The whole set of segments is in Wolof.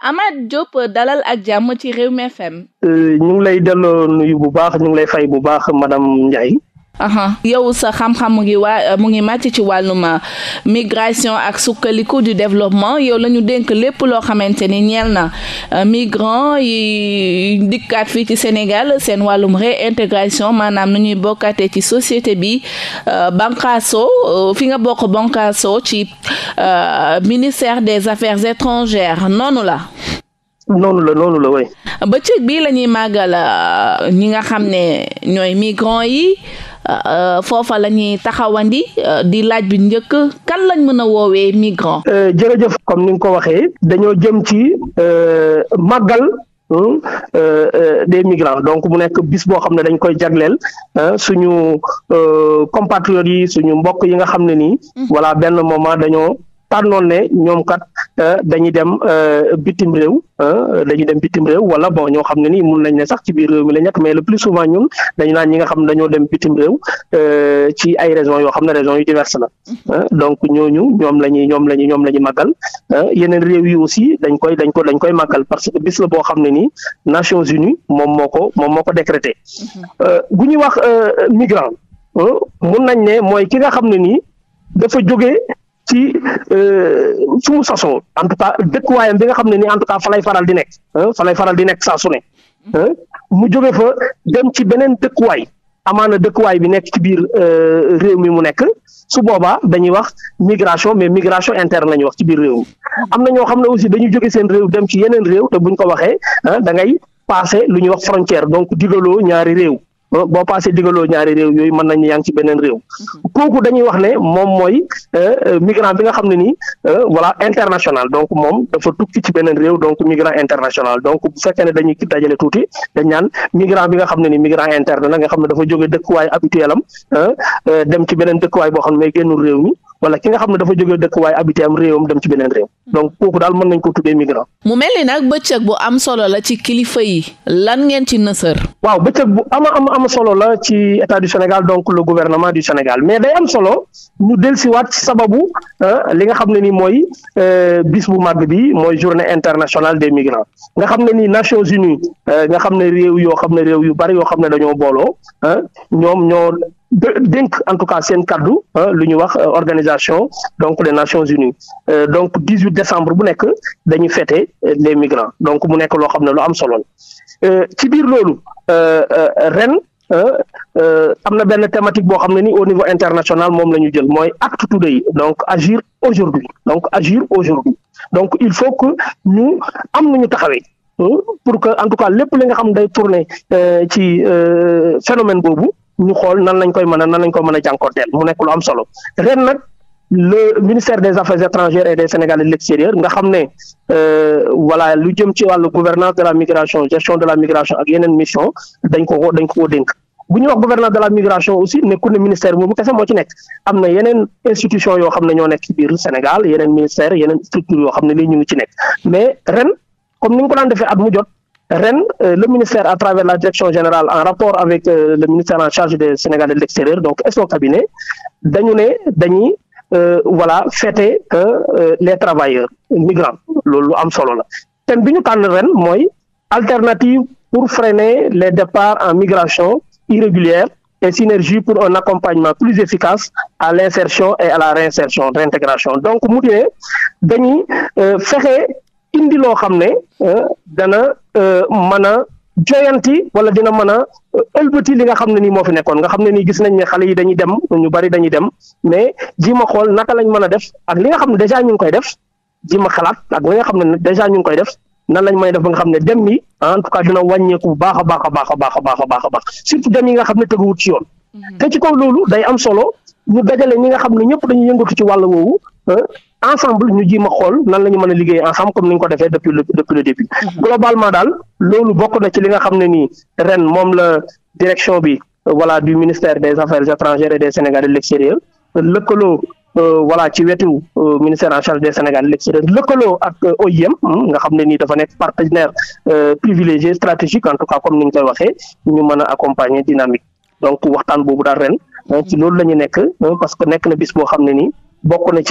Amath Diop dalal ak jàmm ci Rewmi FM. Euh, ñu ngi lay delloo nuyu bu baax ñu ngi lay fay bu baax madame Ndiaye. yow sa xam-xam mu ngi waa mu ngi màcc ci wàllum euh, migration ak sukkaliku du développement yow la ñu dénk lépp loo xamante ni ñeel na euh, migrant yi dikkaat fii ci Sénégal seen wàllum réintégration maanaam nu ñuy bokkaatee ci société bi euh, banqaaso fi nga bokk banqaaso ci ministère des affaires étrangères noonu la noonu la noonu la way bëccëg bii la ñuy ñi nga xam ne ñooy migrant yi Euh, foofa la ñuy taxawandi euh, di laaj bi njëkk kan lañ mën a woowee migrant. Euh, jërëjëf comme ni nga ko waxee dañoo jëm ci màggal. Mmh, euh, des migrants donc mu nekk bis boo xam ne dañ koy jagleel suñu compatriotes yi suñu mbokk yi nga xam ne nii. Mm-hmm. voilà benn moment dañoo tànnoon ne ñoom kat euh, dañuy dem euh, bitim réew euh, dañuy dem bitim réew wala bon ñoo xam ne nii mun nañ ne sax ci biir réew mi la nekk mais le plus souvent ñun dañu naan ñi nga xam ne dañoo dem ci ay raisons yoo xam ne raisons yu diverses la mm-hmm. donc ñooñu ñoom la ñuy ñoom la ñuy ñoom la ñuy màggal yeneen réew yi aussi dañ koy dañ ko dañ koy màggal parce que bis la boo xam ne nii Nations Unies moom moo ko moom moo ko décrété gu mm-hmm. ñu wax migrant mun nañ ne mooy ki nga xam ne nii dafa jóge ci su euh, mu sosoo en tout cas dëkkuwaayam bi nga xam ne nii en tout cas fa faral di nekk fa faral di nekk saa su ne mu jóge fa dem ci beneen dëkkuwaay amaana dëkkuwaay bi nekk ci biir euh, réew mi mu nekk su boobaa dañuy wax migration mais migration interne la ñuy wax ci biir réew mi am na ñoo xam ne aussi dañu jóge seen réew dem ci yeneen réew te buñ ko waxee da ngay passé lu ñuy wax frontière donc digaloo ñaari réew. boo paasee digaloo ñaari réew yooyu mën nañu yaa ngi ci beneen réew mm-hmm. kooku dañuy wax ne moom mooy euh, euh, migrant bi nga xam ne ni euh, voilà international donc moom dafa tukki ci beneen réew donc migrant international donc bu fekkee ne dañuy dajale tuuti dañ naan migrant bi nga xam ne nii migrant interne la nga xam ne dafa jóge dëkkuwaay habituel am dem ci beneen dëkkuwaay boo xam ne may génnul réew mi wala ki nga xam ne dafa jóge dëkk waaye habité am dem ci beneen réew hmm. donc daal mën nañ ko tuddee migrant mu mel ni nag bëccëg bu am solo la ci kilifa yi lan ngeen ci nësër waaw bëccëg bu ama ama am solo la ci état du Sénégal donc le gouvernement du Sénégal mais day am solo ñu dellusiwaat ci sababu euh, li nga xam ne ni mooy euh, bis bu màgg bi mooy journée internationale des migrants nga xam ne ni Nations Unies euh, nga xam ne réew yoo xam ne réew yu bari yoo xam ne dañoo booloo ñoom ñoo dénk en tout cas seen kaddu euh, lu ñu wax euh, organisation donc des Nations Unies euh, donc 18 décembre bu nekk dañuy fêter les migrants donc mu nekk loo xam ne lu am solo la ci biir loolu ren am na benn thématique boo xam ne ni au niveau international moom la ñu jël mooy act today donc agir aujourd'hui donc agir aujourd'hui donc il faut que ñu am ñu taxawee pour que en tout cas lépp li nga xam day tourner ci phénomène boobu ñu xool nan lañ koy mën a nan lañ koy mën a jànkoonteel mu nekk lu am solo ren nag le ministère des affaires étrangères et des Sénégalais de l'extérieur nga xam ne euh, voilà lu jëm ci wàllu gouvernance de la migration gestion de la migration ak yeneen mission dañ ko dañ ko dénk bu ñuy wax gouvernance de la migration aussi nekkul ne ministère boobu kese moo ci nekk am na yeneen institution yoo xam ne ñoo nekk ci biir Sénégal yeneen ministère yeneen structure yoo xam ne lii ñu ngi ci nekk mais ren comme ni nga ko daan defee at mu jot Rennes, euh, le ministère, à travers la direction générale, en rapport avec euh, le ministère en charge des Sénégalais de l'extérieur, donc et son cabinet, dañu ne dañuy euh, voilà fêter que les travailleurs migrants loolu lu am solo la thème bi ñu tànn ren mooy alternative pour freiner les départs en migration irrégulière et synergie pour un accompagnement plus efficace à l'insertion et à la réinsertion réintégration donc mu ne dañuy fexe indi loo xam ne Euh, mën a joyanti wala dina mën a euh, ëlbati li nga xam ne nii moo fi nekkoon nga xam ne nii gis nañ ne xale yi dañuy dem ñu bari dañuy dem mais ji ma xool naka lañ mën a def ak li nga xam ne dèjà ñu ngi koy def ji ma xalaat ak li nga xam ne dèjà ñu ngi koy def nan lañ mën def ba nga xam ne dem mi ah, en tout cas dina wàññeeku bu baax a baax a baax a a baax baax a surtout dem yi nga xam ne teguwut ci yoon mhm. te ci kaw loolu day am solo ñu dajale ñi nga xam ne ñëpp dañuy yëngatu ci wàll woowu ensemble ñu ji xool nan la ñu mën a liggéey ensemble comme ni ñu ko defee depuis le depuis le début. Mm-hmm. globalement daal loolu bokk na ci li nga xam ne nii ren moom la direction bi voilà du ministère des affaires étrangères et des Sénégalais de l'extérieur lëkkaloo. Euh, voilà ci wetu euh, ministère en charge des Sénégal l'extérieur lëkkaloo ak euh, OIM hmm, nga xam ne nii dafa nekk partenaire euh, privilégié stratégique en tout cas comme ni ñu koy waxee ñu mën a accompagner dynamique donc waxtaan boobu daal ren ci loolu la ñu nekk euh, parce que nekk na bis boo xam ne nii bokk na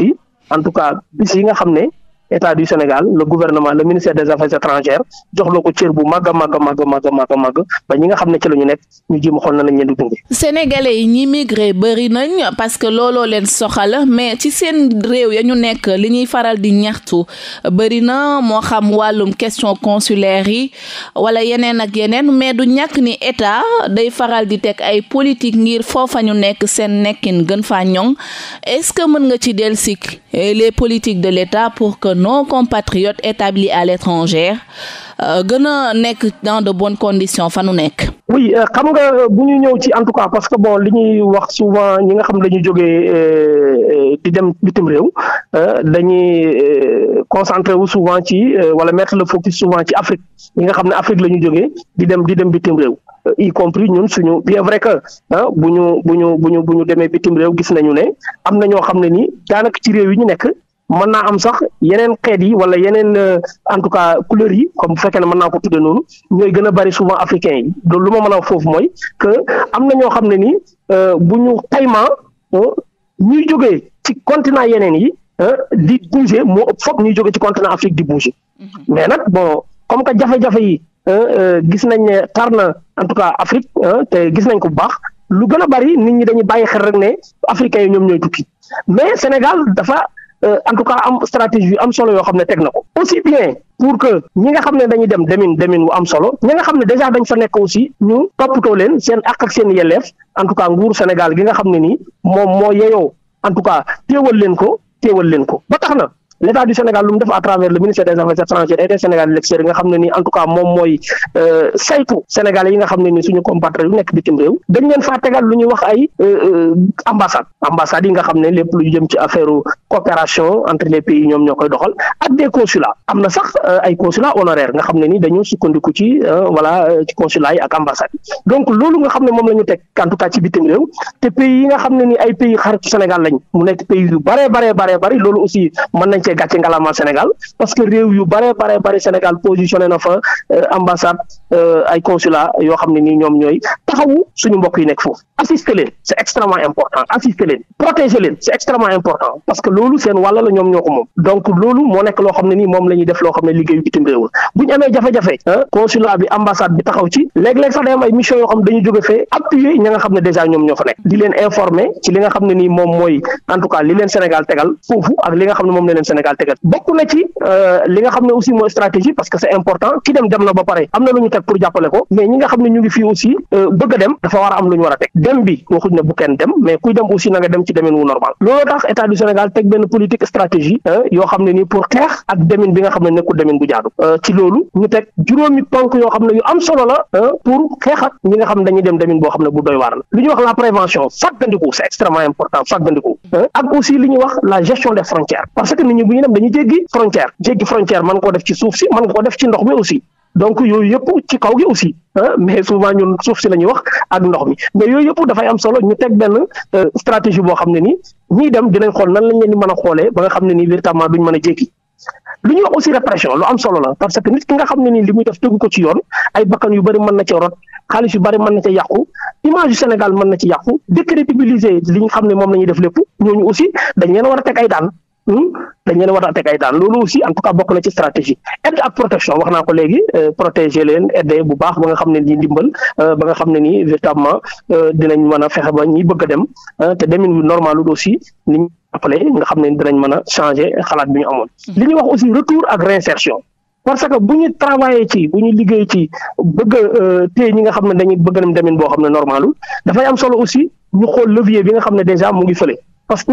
en tout cas bis yi nga xam ne état du Sénégal le gouvernement le ministère des affaires étrangères jox loo ko cër bu màgg a màgg a màgg a ñi nga xam ne ci la ñu nekk ñu jéem a na lañ leen di dundee. yi migré bëri nañ parce que looloo leen soxal mais ci seen réew ya ñu nekk li ñuy faral di ñaxtu bëri na moo xam wàllum question consulaire yi wala yeneen ak yeneen mais du ñàkk ni état day faral di teg ay politique ngir foofa ñu nekk seen nekkin gën faa ñoŋ est-ce que mën nga ci dellusi les politiques de l'état pour que nos compatriotes établis à l'étranger euh, gën a nekk dans de bonnes conditions fa nu nekk. oui euh, xam nga euh, bu ñu ñëw ci en tout cas parce que bon li ñuy wax souvent ñi nga xam dañuy jógee di dem bitim réew dañuy concentré wu souvent ci wala mettre le focus souvent ci Afrique ñi nga xam ne Afrique la ñu jógee di dem di dem bitim réew. y compris ñun suñu bien vrai que bu ñu bu ñu bu ñu bu ñu demee bitim réew gis nañu ne am na ñoo xam ne ni daanaka ci réew yi ñu nekk mën naa am sax yeneen xeet yi wala yeneen euh, en tout cas couleur yi comme bu fekkee ne mën naa ko tudde noonu ñooy gën a bari souvent africain yi loolu lu ma mën a foofu mooy que am na ñoo xam ne ni euh, bu ñu xaymaa euh, ñuy jóge ci continent yeneen yi di bouger moo ëpp foog ñuy jóge ci continent Afrique di bouger mm-hmm. mais nag bon comme que jafe-jafe yi gis nañ ne tar na en tout cas Afrique te gis nañ ko bu baax lu gën a bari nit ñi dañuy bàyyi xel rek ne africain yi ñoom ñooy tukki mais Euh, en tout cas am stratégie yu am solo yoo xam ne teg na ko aussi bien pour que ñi nga xam ne dañuy dem demin demin wu am solo ñi nga xam ne déjà dañ sa nekk aussi ñu toppatoo leen seen ak ak seen yelleef en tout cas nguur Sénégal gi nga xam ne nii moom moo yeyoo en tout cas téewal leen ko téewal leen ko ba tax na l' état du Sénégal lu mu def à travers le ministère des affaires étrangères de l'extérieur nga xam ne ni en tout euh, yi nga xam ne ni suñu compatriotes yu nekk bitim réew dañ leen faa lu ñuy wax ay ambassade euh, euh, ambassade yi xam ne lépp lu jëm ci affaire coopération entre les ñoom ñoo koy doxal ak des consulats am na sax ay consulats honoraires nga xam ne ni dañu sukkandiku ci voilà ci ak ambassade donc loolu nga xam ne moom la ñu teg en tout cas ci yi nga xam ne ni ay pays xaritu Sénégal lañ mu nekk pays yu bare bare bare bare loolu aussi mën nañ wàccee gàcce ngalamal Sénégal parce que réew yu bare bare bare Sénégal positionné na fa euh, ambassade euh, ay consulat yoo xam ne nii ñoom ñooy taxawu suñu mbokk yi nekk foofu assister leen c' extrêmement important assister leen protéger leen c' extrêmement important parce que loolu seen wàll la ñoom ñoo ko moom donc loolu moo nekk loo xam ne nii moom la def loo xam ne liggéeyu bitim réew bu ñu amee jafe-jafe consulat bi ambassade bi taxaw ci léeg-léeg sax day am ay yoo xam dañu jóge fee appuyer ña nga xam ne dèjà ñoom ñoo xam ne li leen Sénégal ci euh, li nga xam ne aussi mooy bëgg a dem dafa war a am lu ñu war a teg dem bi waxuñ ne bu kenn dem mais kuy dem aussi na dem ci demin wu normal looloo tax état du Sénégal teg benn politique stratégie euh, yoo xam ne ni pour xeex ak demin bi nga xam ne nekkul demin bu jaadu euh, ci loolu ñu teg juróomi ponk yoo xam ne yu am solo la euh, pour xeex ak ñi nga xam ne dañuy dem demin boo xam ne bu doy waar la lu ñuy wax la prévention fàggandiku c'est extrêmement important fàggandiku ak aussi li ñuy wax la gestion des frontières parce que nit ñi bu ñu dem dañuy jéggi frontière jéggi frontière mën nga ko def ci suuf si mën donc yooyu yëpp ci kaw gi aussi ah mais souvent ñun suuf si la ñuy wax ak ndox mi mais yooyu yëpp dafay am solo ñu teg benn euh, stratégie boo xam ne nii ñiy dem dinañ xool nan lañ leen di mën a xoolee ba nga xam ne nii véritablement duñ mën a jékki lu ñuy wax aussi répression lu am solo la parce que nit ki nga xam ne nii li muy def tegu ko ci yoon ay bakkan yu bëri mën na ci rot xaalis yu bëri mën na ci yàqu image Sénégal mën na ci yàqu décrédibiliser li ñu xam ne moom la ñuy def lépp ñooñu aussi dañ leen war a teg ay daan Hmm? dañ leen war a teg ay daan loolu aussi en tout cas bokk na ci stratégie aide ak protection wax naa ko léegi euh, protéger leen aide bu baax ba nga xam ne nii ndimbal euh, ba nga xam ne nii véritablement euh, dinañ mën a fexe ba ñi bëgg a dem te demin wu normal aussi ni ñu appelé nga xam ne dinañ mën a changer xalaat bi ñu amoon. Hmm. li ñuy wax aussi retour ak réinsertion. parce que bu ñu travaillé ci bu ñu liggéey ci bëgg a téye ñi nga xam ne dañuy bëgg nañ demin boo xam ne normalul dafay am solo aussi ñu xool levier bi nga xam ne déjà mu ngi fële parce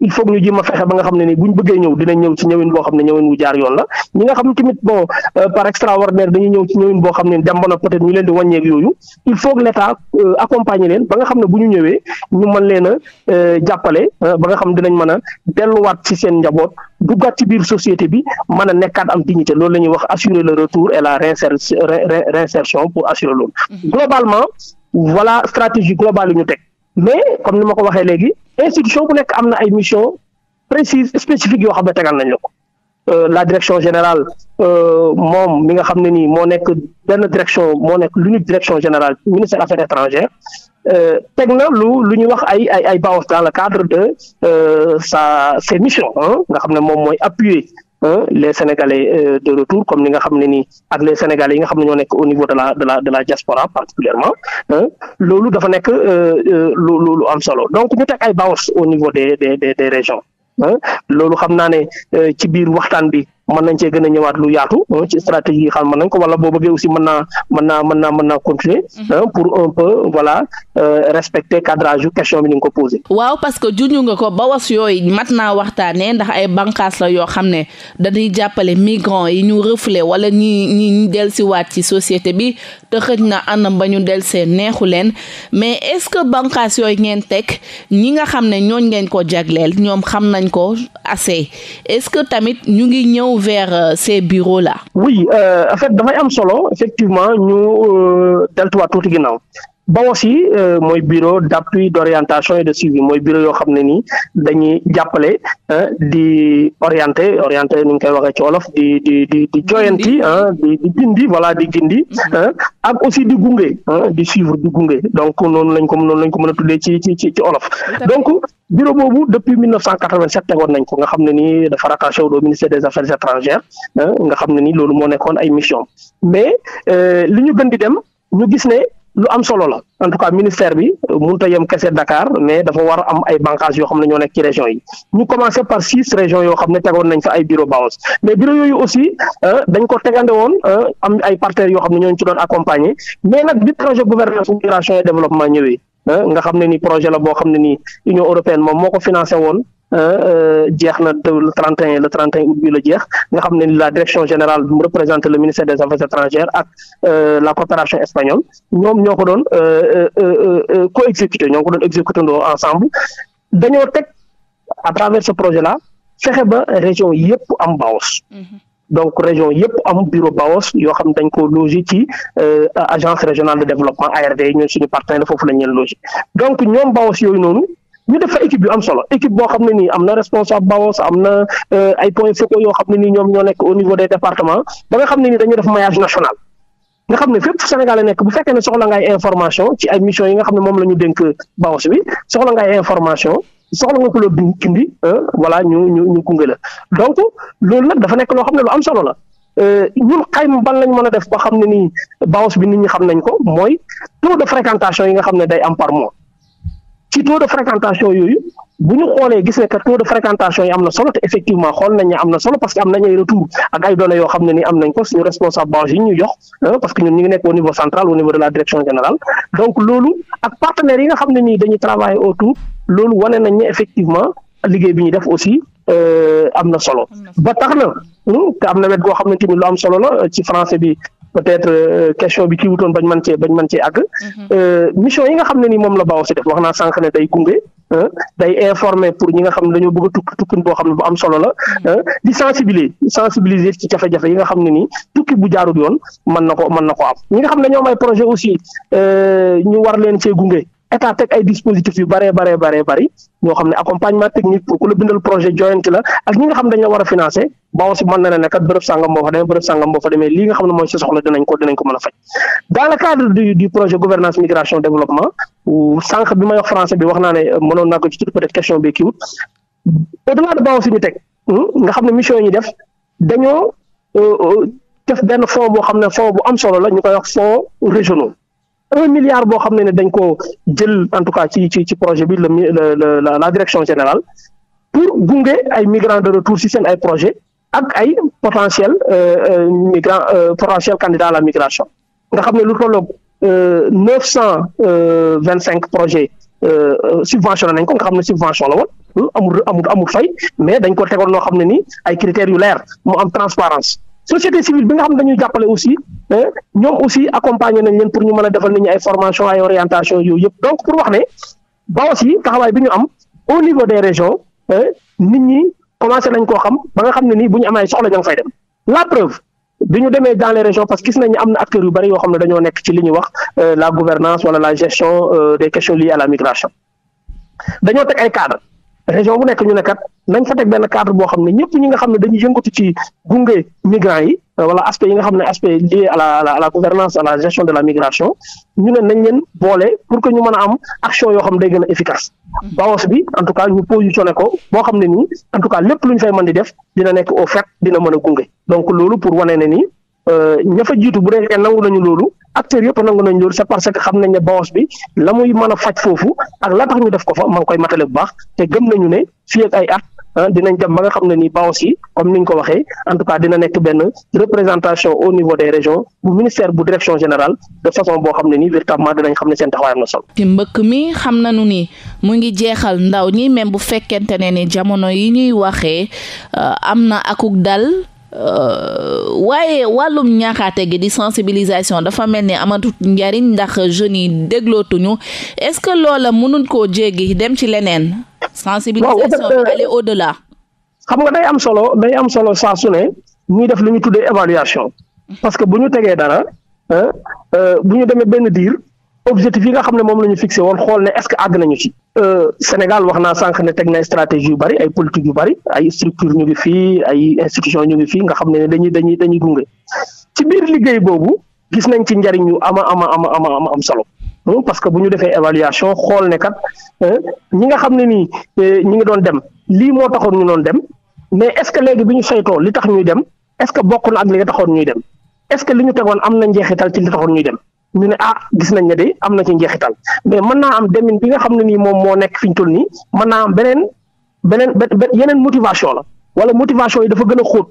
il faut que ñu jéem a fexe ba nga xam ne ni buñ bëggee ñëw dinañ ñëw ci ñëwin boo xam ne ñëwin wu jaar yoon la ñi nga xam ne tamit bon euh, par extraordinaire dañuy ñëw ci ñëwin boo xam ne dem ba nag peut être ñu leen di wàññeek yooyu il faut que l' euh, leen ba nga xam ne bu ñu ñëwee ñu man leen a euh, jàppale ba nga xam dinañ mën a delluwaat ci seen njaboot duggaat ci biir société bi mën a nekkaat am dignité loolu la ñuy wax assurer la retour et la réinsertion pour assurer loolu mm-hmm. globalement voilà stratégie globale yu ñu teg mais comme ni ma ko waxee léegi institution bu nekk am na ay mission précise spécifique yoo xam na tegal nañ la ko euh, la direction générale euh, moom mi nga xam ne nii moo nekk benn direction moo nekk l'unique direction générale ministère affaires étrangères euh, teg na lu lu ñuy wax ay ay ay BAOS dans le cadre de sa ses missions nga xam ne moom mooy appuyer Euh, les Sénégalais euh, de retour comme ni nga xam ne nii ak les yi nga xam ne ñoo nekk au niveau de la de la de la diaspora particulièrement euh, loolu dafa nekk lu lu am solo donc ñu teg ay bounce au niveau des des des des régions loolu xam naa ne ci biir waxtaan bi. mën nañ cee gën a ñëwaat lu yaatu euh, ci stratégie yi xam mën nañ ko wala boo bëggee aussi mën naa mën naa mën naa mën naa continuer mhm. euh, pour un peu voilà euh, respecter cadrage yu question bi ni ko posé waaw parce que junj nga ko ba was yooyu mat naa waxtaanee ndax ay bànqaas la yoo xam ne dañuy jàppale migrants yi ñu reflet wala ñi ñi ñu delsiwaat ci société bi te xëj na anam ba ñu delsee neexu leen mais est-ce que bànqaas yooyu ngeen teg ñi nga xam ne ñooñ ngeen ko jagleel ñoom xam nañ ko assez tamit ñu ouvert euh, ces bureaux-là. oui euh, en fait dafay am solo effectivement ñu euh, deltuwaat tuuti ginnaaw BAOS yi euh, mooy bureau d' appui d' orientation et de suivi mooy bureau yoo xam ne nii dañuy jàppale di orienté orienté ni ñu koy waxee ci wolof di di di di joyanti di di gindi voilà di gindi mm-hmm. ak aussi di gunge di suivre di gunge donc noonu lañ ko noonu lañ ko mën a tuddee ci ci ci olof donc bureau boobu depuis 1987 tegoon nañ ko nga xam ne ni dafa rattaché au ministère des affaires étrangères nga xam ne ni loolu moo nekkoon ay mission mais euh, li ñu gën di lu am solo la en tout cas ministère bi mënut a yem kese Dakar mais dafa war a am ay bànqaas yoo xam ne ñoo nekk ci région yi ñu commencé par six régions yoo xam ne tegoon nañ fa ay bureau BAOS mais bureau yooyu aussi euh, dañ ko tegande woon euh, am ay partenaires yoo xam ne ñoo ñu ci doon accompagner mais nag bi projet gouvernance migration et développement ñëwee euh, nga xam ne ni projet la boo xam ne ni Union européenne moom moo ko financé woon. Euh, euh, jeex na le 31 le 31 août bi la jeex nga xam ne la direction générale bi mu représenté le ministère des affaires étrangères ak euh, la coopération espagnole ñoom ñoo ko doon co-exécuté ñoo ko doon exécuté ndoo ensemble dañoo teg a travers ce projet la fexe ba région yëpp am BAOS mm-hmm. donc région yëpp am bureau BAOS yoo xam dañ ko logé ci agence régionale de développement ARD ñun suñu partenaire foofu la ñu leen logé donc ñoom BAOS yooyu noonu ñu def fa équipe yu am solo équipe boo xam ne nii am na responsable BAOS am na euh, ay points focaux yoo xam ne nii ñoom ñoo nekk au niveau des départements ba nga xam ne nii dañu def maillage national nga xam ne fépp fu Sénégal nekk bu fekkee ne soxla nga ay information ci ay mission yi nga xam ne moom la ñu dénk BAOS bi soxla nga ay information soxla nga ko la kindi euh, voilà ñu ñu ñu gunge la donc loolu nag dafa nekk loo xam ne lu am solo la euh, ñun xayma ban lañ mën a def ba xam ne nii BAOS bi nit ñi xam nañ ko mooy taux de fréquentation yi nga xam ne day am ci taux de fréquentation yooyu bu ñu xoolee gis ne que taux de fréquentation yi am na solo te effectivement xool nañ ne am na solo parce que am nañ ay retour xam ne ni am nañ ko suñu nekk au niveau central au niveau de la direction générale donc loolu ak partenaires yi nga xam ne nii dañuy travailler autour loolu wane nañ ne effectivement liggéey bi ñu def aussi euh, am na solo ba tax na hmm, te am na wet goo xam ne tamit lu am solo la ci français bi peut-être euh, question bi kii wutoon bañ mën cee bañ mën cee àgg. Mhm. Euh, mission yi nga xam ne ni moom la baaw si def wax naa sànq ne day gunge. day informer pour ñi nga xam ne dañoo bëgg a tukki tukkin boo xam ne boo am solo la mhm. di sensibiliser sensibiliser ci jafe-jafe yi nga xam ne nii tukki bu jaarul yoon mën na ko mën na ko am ñi nga xam ne ñoom ay projet aussi euh, ñu war leen cee gunge état teg ay dispositifs yu bare baree baree bari ñoo xam ne accompagnement technique pour ku la bindal projet ak ñi nga xam dañ la war a financer ba si mën na ne kat bërëb sàngam boo fa demee bërëb sàngam boo fa demee lii nga xam ne mooy soxla dinañ ko dinañ ko mën a faj dans le cadre du projet gouvernance migration développement sànq bi may wax français wax naa ne euh, mënoon naa ko ci tudd peut-être question bi kiiwut au delà hmm, nga xam ne mission yi ñu def dañoo euh, euh, def benn fonds boo xam ne fonds bu am solo la ñu koy wax fonds régionaux un milliard boo xam ne ne dañ ko jël en tout cas ci ci ci projet bi le la direction général pour gunge ay migrants de retour si seen ay projet ak ay potentiel euh, euh, migrant euh, potentiel candidat à la migration nga xam ne lu tolloog neuf cent vingt cinq projet projets subventionné nañ ko nga xam ne subvention la woon amul amul amul fay mais dañ ko tegoon loo xam ne ni ay critères yu leer mu am transparence société civile bi nga xam ne dañuy jàppale aussi ñoom aussi accompagner nañ leen pour ñu mën a defal nit ñi ay formation ay orientation yooyu yëpp donc pour wax ne ba aussi taxawaay bi ñu am au niveau des régions nit ñi commencé nañ koo xam ba nga xam ne nii bu ñu amee soxla ña nga fay dem la preuve bi ñu demee dans les régions parce que gis nañ am na acteurs yu bari yoo xam ne dañoo nekk ci li ñuy wax euh, la gouvernance wala la gestion euh, des questions liées à la migration dañoo teg ay cadres région bu nekk ñu ne kat nañ fa teg benn cadre boo xam ne ñëpp ñi nga xam ne dañuy yëngatu ci gunge migrants yi euh, wala aspect yi nga xam ne aspect lié à la à la gouvernance à la gestion de la migration ñu ne nañ leen boole pour que ñu mën a am action yoo xam day gën a efficace mm-hmm. BAOS bi en tout cas ñu positionné ko boo xam ne nii en tout cas lépp lu ñu fay mën di def dina nekk au fait dina mën a gunge donc loolu pour wane ne nii Euh, ña fa jiitu bu dee nangu nañu loolu acteurs yëpp nangu nañu loolu c'est parce que xam nañ ne BAOS bi la muy mën a faj foofu ak la tax ñu def ko fa ma koy matale bu baax te gëm nañu ne fii ak ay at ah, dinañ dem ba nga xam ne nii BAOS yi comme niñ ko waxee en tout cas dina nekk benn représentation au niveau des régions bu ministère bu direction général de façon boo xam ne nii véritablement dinañ xam ne seen taxawaay am na solo. ci mbëkk mi xam nañu ni mu ngi jeexal ndaw ñi même bu fekkente ne ni jamono yi ñuy waxee euh, am na akuk dal. Euh, waaye wàllum ñaaxaate gi di sensibilisation dafa mel ni amatut njariñ ndax jeunes yi déglootuñu est-ce que loola mënuñ koo jéggi dem ci leneen sensibilisation bi euh, aller de delà xam nga day am solo day am solo saa su ne ñuy def lu ñu tuddee évaluation parce que bu ñu tegee dara euh, bu ñu demee benn diir objectif yi nga xam ne moom la ñu fixé woon xool ne est-ce que àgg nañu ci euh, Sénégal wax na sànq ne teg na stratégie yu bari ay politique yu bari ay structure ñu ngi fii ay institution ñu ngi fii nga xam ne dañuy dañuy dañuy gunge ci biir liggéey boobu gis nañ ci njariñ yu ama ama ama ama ama am solo hmm, parce que bu ñu defee évaluation xool ne kat euh, ñi nga xam ne nii euh, ñi ngi doon dem lii moo taxoon ñu doon dem mais est-ce que léegi bi ñu saytoo li tax ñuy dem est-ce que bokk ak li nga taxoon ñuy dem est-ce que li ñu tegoon am na njeexital ci taxoon ñuy dem ñu ne ah gis nañ ne de am na ci njeexital mais mën naa am demin bi nga xam ne nii moom moo nekk fi ñu toll nii mën naa am beneen beneen yeneen motivation la wala motivation yi dafa gën a xóot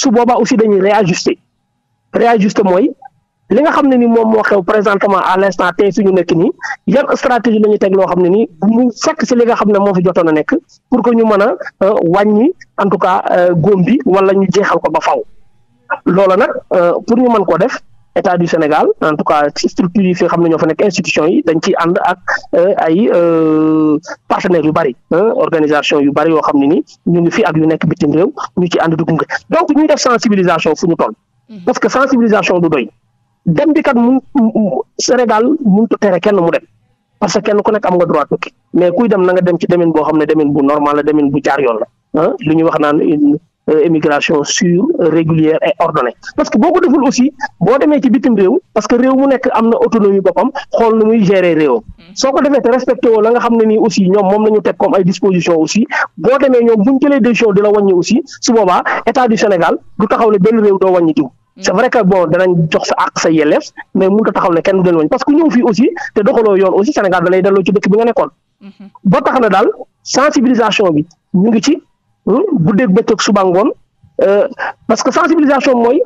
su boobaa aussi dañuy réajuster réajuster mooy li nga xam ne nii moom moo xew présentement à l' instant tey suñu nekk nii yan stratégie la ñu teg loo xam ne nii mu fekk si li nga xam ne moo fi jotoon a nekk pour que ñu mën a euh, wàññi en tout cas euh, góom bi wala ñu jeexal ko ba faw loola nag euh, pour mën ko def. état du Sénégal en tout cas structure yi fi nga xam ne ñoo fa nekk institution yi dañ ciy ànd ak euh, ay euh, partenaires yu bari organisation yu bari yoo xam ne ni ñu ngi fi ak yu nekk bitim réew ñu ci ànd di gunge donc ñuy def sensibilisation fu ñu toll mm-hmm. parce que sensibilisation du doy dem bi kat mu Sénégal mënut a tere kenn mu dem parce que kenn ku nekk am nga droit tukki mais kuy dem na nga dem ci demin boo xam ne demin bu normal la demin bu jaar yoon la lu ñuy Euh, émigration sûre régulière et ordonnée parce que boo ko deful aussi boo demee ci bitim réew parce que réew mu nekk am na autonomie boppam xool nu muy gérer réewam hmm. soo ko defee te respecté woo la nga xam ne ni aussi ñoom moom la ñu teg comme ay disposition aussi boo demee ñoom bu ñu jëlee décision di la wàññi aussi su boobaa état du Sénégal du taxaw ne benn réew doo wàññi diw hmm. c' vrai que bon danañ jox sa àq sa yelleef mais mënut a taxaw ne kenn du leen wàññi parce que ñëw fii aussi te doxaloo yoon aussi Sénégal da lay delloo ci dëkk bi hmm. daal sensibilisation bi ñu ngi Hmm? guddeeg bëccëg suba ngoon euh, parce que sensibilisation mooy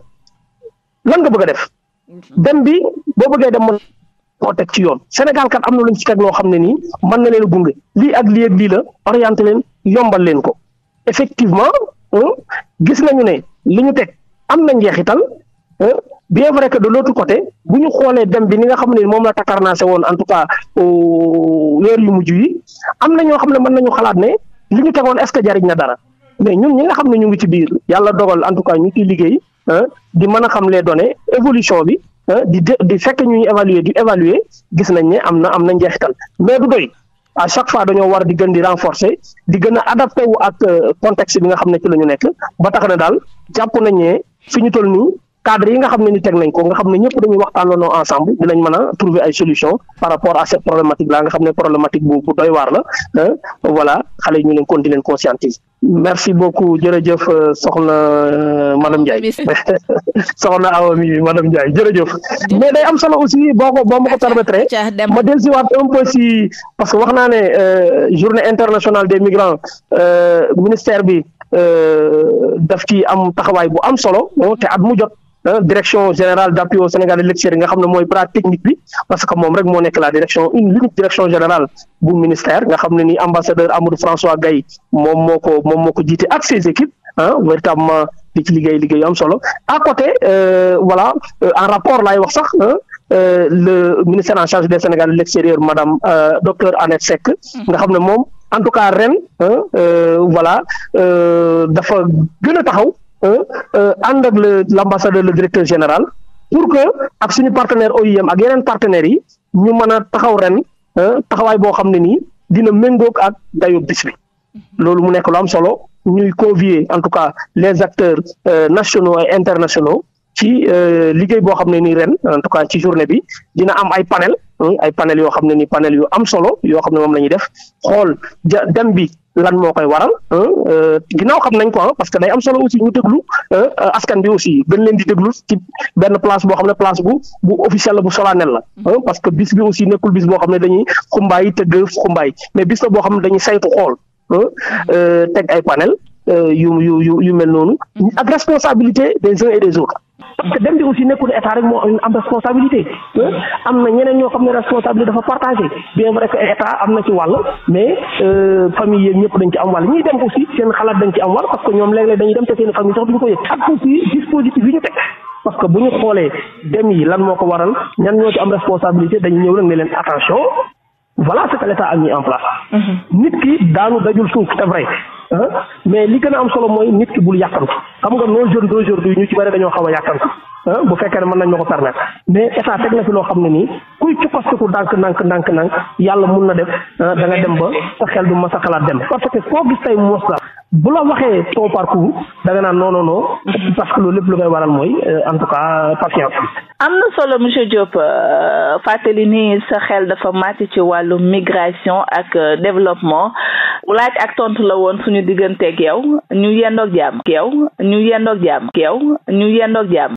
lan nga bëgg a def mm-hmm. dem bi boo bëggee dem mën koo teg ci yoon Sénégal kat am na luñ ci teg loo xam ne nii mën na leen gunge lii ak lii ak lii la orienté leen yombal leen ko effectivement hmm, gis nañu ne li ñu teg am na njeexital hmm, bien vrai que de l'autre côté bu ñu xoolee dem bi ni nga xam ne moom la takarnaase woon en tout cas weer yu mujj yi am na ñoo xam ne mën nañu xalaat ne li ñu tegoon est-ce que jariñ na dara mais ñun ñi nga xam ne ñu ngi ci biir yàlla dogal en tout cas ñu ciy liggéey di mën a xam les données évolution bi di di fekk ñu évaluer di évaluer gis nañ ne am na am na njeexital mais du doy à chaque fois dañoo war di gën di renforcé di gën a adapté wu ak euh, contexte bi nga xam ne ci la ñu nekk ba tax na daal jàpp nañ ne fi ñu toll nii cadre yi nga xam ne ni teg nañ ko nga xam ne ñëpp dañuy waxtaanoo ensemble dinañ mën a trouver ay solution par rapport à cette problématique là nga xam ne problématique bu bu doy waar la voilà xale yi ñu leen continuer leen conscientiser merci beaucoup jërëjëf euh, soxna euh, madame Ndiaye soxna awa mi madame Ndiaye jërëjëf mais day am solo aussi boo ko boo ma ko permettre ma dellusiwaat un peu si parce que wax naa ne euh, journée internationale des migrants ministère bi daf ci am taxawaay bu am solo te at Euh, direction générale d'appui Sénégal lecture yi nga xam ne mooy bras technique bi parce que moom rek moo nekk la direction une unique direction générale bu ministère nga xam ne ni ambassadeur Amadou François Gaye moom moo ko moom moo ko jiite ak ses équipes ah véritablement di ci liggéey liggéey am solo à côté euh, voilà euh, en rapport laay wax sax le ministère en charge des Sénégal de l'extérieur madame docteur Annette Seck nga xam ne moom en tout cas ren voilà dafa gën a taxaw Euh, euh, ànd ak le l' ambassadeur le directeur général pour que ak suñu partenaire OIM ak yeneen partenaires yi ñu mën a taxaw ren euh, taxawaay boo xam ne nii dina méngoog ak dayo bis bi mhm. loolu mu nekk lu am solo ñuy convier en tout cas les acteurs nationaux et internationaux ci euh, liggéey boo xam ne nii ren en tout cas ci journée bi dina am ay panel hmm, ay panel yoo xam ne ni panel yu am solo yoo xam ne moom la ñuy def xool ja dem bi lan moo koy waral hmm, euh, ginnaaw xam nañ ko ah, parce que day am solo aussi ñu déglu euh, askan bi aussi gën leen di déglu ci benn place boo xam ne place bu bu officiel la bu solennel la hmm, parce que bis bi aussi nekkul bis boo xam ne dañuy xumbaay tëgg xumbaay mais bis la boo xam ne dañuy saytu xool teg ay panel yu yu mel noonu ak des uns et parce que dem bi aussi nekkul état rek moo am responsabilité am na ñeneen ñoo xam ne responsabilité dafa partagé bien vrai que état am na ci wàll mais euh, famille yéen ñëpp dañ ci am wàll ñuy dem aussi seen xalaat dañ ci am wàll parce que ñoom léeg-léeg dem te seen famille sax duñ ko yëg ak aussi dispositif yi ñu teg parce que bu ñu xoolee dem yi lan moo ko waral ñan ñoo ci am responsabilité dañu ñëw nag ne leen attention voilà ce que l'état a mm-hmm. nit ki daanu dajul suuf c'est vrai ah mais li gën am solo mooy nit ki bul yàkkamti xam nga nos jeunes d'aujourd'hui ñu ci bëri dañoo xaw a yàkkamti Euh, bu fekkee ne mën nañ ma ko permettre mais état teg na fi loo xam ne nii kuy cukkastiku ndànk ndànk ndànk ndànk yàlla mun na def euh, da nga dem ba sa xel du ma sa xalaat dem parce que koo gis tey moos la la waxee ton parcours da nga naan non non loolu lépp lu koy waral mooy euh, en tout cas patience am na solo monsieur Diop fàttali ni sa xel dafa màcc ci wàllu migration ak développement laaj ak tontu la woon suñu digganteeg yow ñu yendoog jàmm yow ñu yendoog jàmm yow ñu yendoog jàmm